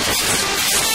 Thank you.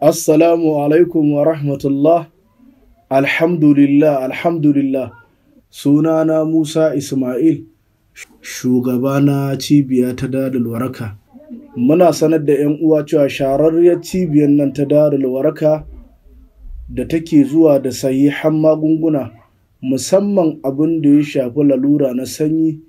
Assalamu alaikum wa rahmatullah, alhamdulillah, alhamdulillah, sunana Musa Ismail, shugaba na cibiya ta dalil waraka. Muna sanar da ‘yan uwa cewa shararriyar cibiyar nan ta dalil waraka da take zuwa da sahihan magunguna, musamman abin da ya shafi lalura na sanyi,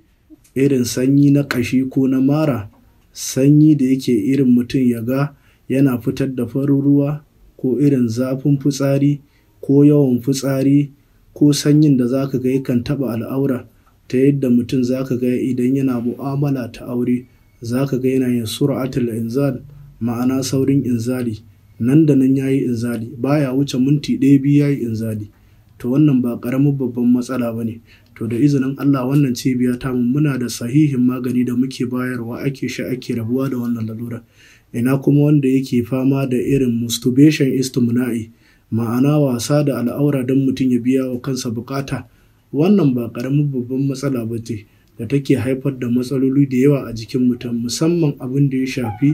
irin sanyi na ƙashi ko na mara, sanyi da yake irin mutum ya ga. yana fitar da farin ruwa ko irin zafin fitsari ko yawan fitsari ko sanyin da za ka ga yakan taɓa al'aura ta yadda mutum za ka ga idan yana mu'amala ta aure za ka ga yana yin sur'atul inzal ma'ana saurin inzali nan da nan ya yi inzali baya wuce minti ɗaya biyu ya yi inzali to wannan ba karamin babban matsala ba ne to da izinin Allah wannan cibiya ta muna da sahihin magani da muke bayarwa ake sha ake rabuwa da wannan lalura ina kuma wanda yake fama da irin masturbation istimna'i ma'ana wasa da al'aura don mutum ya biya wa kansa bukata wannan ba karamin babban matsala ba ce da take haifar da matsaloli da yawa a jikin mutum musamman abin da ya shafi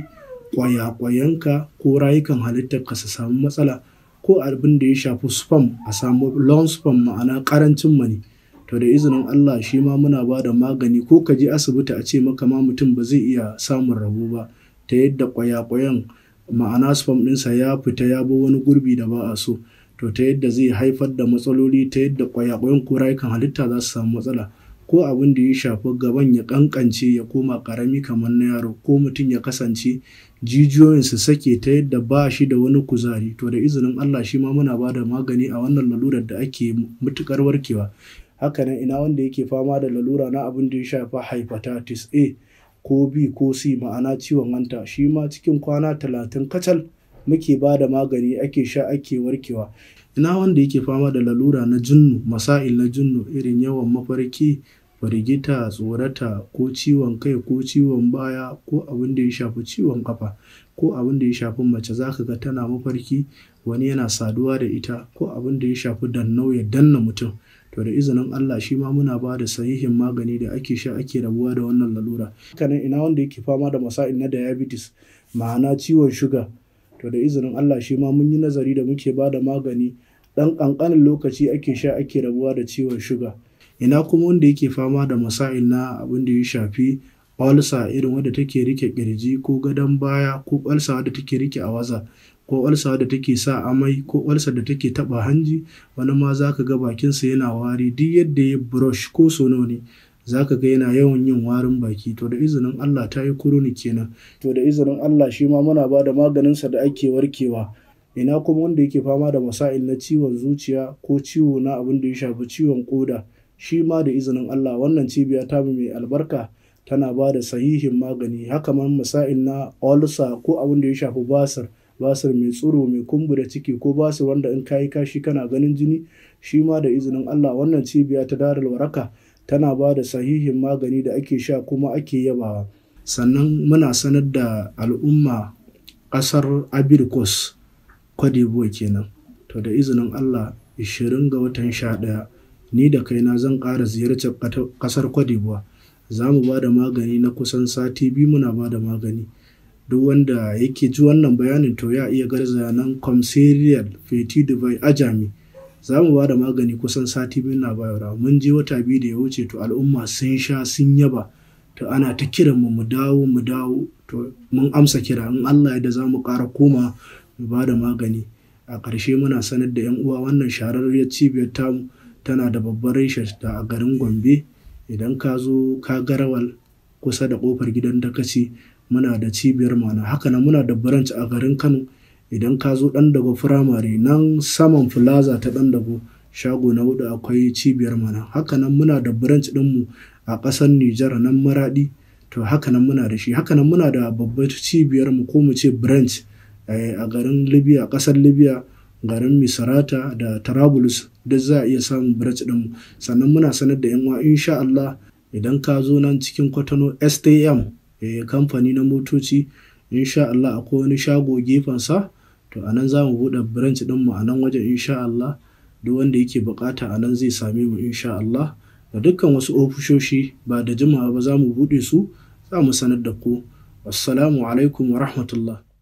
kwaya-kwayanka ko rayukan halittar ka su samu matsala ko abin da ya shafi spam a samu long spam ma'ana karancin mani to da izinin Allah shi ma muna ba da magani ko ka je asibiti a ce maka ma mutum ba zai iya samun rabo ba ta yadda kwayakwayan ma'ana spam ɗinsa ya fita ya bi wani gurbi da ba a so to ta yadda zai haifar da matsaloli ta yadda kwayakwayan kwayan ko rayukan halitta za su samu matsala ko abin da ya shafi gaban ya kankance ya koma karami kamar na yaro ko mutum ya kasance jijiyoyin su sake ta yadda ba shi da wani kuzari to da izinin Allah shi ma muna ba da magani a wannan lalurar da ake mutukar warkewa hakanan ina wanda yake fama da lalura na abin da ya shafi hepatitis A ko B ko C ma'ana ciwon hanta shi ma cikin kwana talatin kacal muke ba da magani ake sha ake warkewa ina wanda yake fama da lalura na junnu masail na junnu irin yawan mafarki firgita, tsorata ko ciwon kai ko ciwon baya ko abin da ya shafi ciwon kafa ko abin da ya shafi mace za ka ga tana mafarki wani yana saduwa da ita ko abin da ya shafi dannau ya danna mutum to da izinin Allah shi ma muna ba da sahihin magani da ake sha ake rabuwa da wannan lalura kana ina wanda yake fama da masa'in na diabetes ma'ana ciwon shuga to da izinin Allah shi ma mun yi nazari da muke ba da magani dan kankanin lokaci ake sha ake rabuwa da ciwon shuga ina kuma wanda yake fama da masail na abin da ya shafi olsa irin wadda take rike kirji ko gadon baya ko ulsa wadda take rike a waza ko olsa wadda take sa amai ko olsa da take taba hanji wani ma za ka ga bakinsa yana wari duk yadda ya brush ko sono ne za ka ga yana yawan yin warin baki to da izinin Allah ta yi kuruni kenan to da izinin Allah shi ma muna ba da sa da ake warkewa ina kuma wanda yake fama da masail na ciwon zuciya ko ciwo na abin da ya shafi ciwon koda shi ma da izinin Allah wannan cibiya ta mai albarka tana ba da sahihin magani haka man musa'in na olsa ko abin da ya shafi basir basir mai tsuro mai kumbu da ciki ko basir wanda in kayi kashi kana ganin jini shi ma da izinin Allah wannan cibiya ta darar waraka tana ba da sahihin magani da ake sha kuma ake yabawa sannan muna sanar da al'umma ƙasar abirkos d'Ivoire kenan to da izinin Allah 20 ga watan sha 11 Ni da kaina zan ƙara ziyartar ƙasar kwade d'Ivoire, za mu ba da magani na kusan sati biyu muna ba da magani. Duk wanda yake ji wannan bayanin to ya iya garzaya nan comserial feti dubai a Jami. Za mu ba da magani kusan sati biyu na bayarwa. Mun je wata biyu da ya wuce to al'umma sun sha sun yaba. To ana ta kiran mu mu dawo mu dawo to mun amsa kira in Allah ya da za mu kara koma mu ba da magani. A ƙarshe muna sanar da 'yan uwa wannan shahararriyar cibiyar tamu. tana da babbar ta a garin Gombe idan ka zo ka garawal kusa da kofar gidan Dakaci muna da cibiyar mana haka nan muna da branch a garin Kano idan ka zo ɗan dago firamare nan saman plaza ta ɗan dago shago na hudu akwai cibiyar mana haka nan muna da branch mu a kasar Nijar nan maraɗi to haka nan muna da shi haka nan muna da babbar cibiyar mu ko mu ce branch eh, a garin Libya kasar Libya garin misarata da tarabulus duk za a iya samun branch mu sannan muna sanar da yanwa insha Allah idan ka zo nan cikin kwatano stm eh, kamfani na motoci insha Allah akwai wani shago gefensa to a nan za mu buɗe branch mu a nan wajen insha Allah duk wanda yake buƙata a nan zai same mu insha Allah da dukkan wasu ofishoshi ba da jimawa ba za mu buɗe su za mu sanar da ku assalamu alaikum wa rahmatullah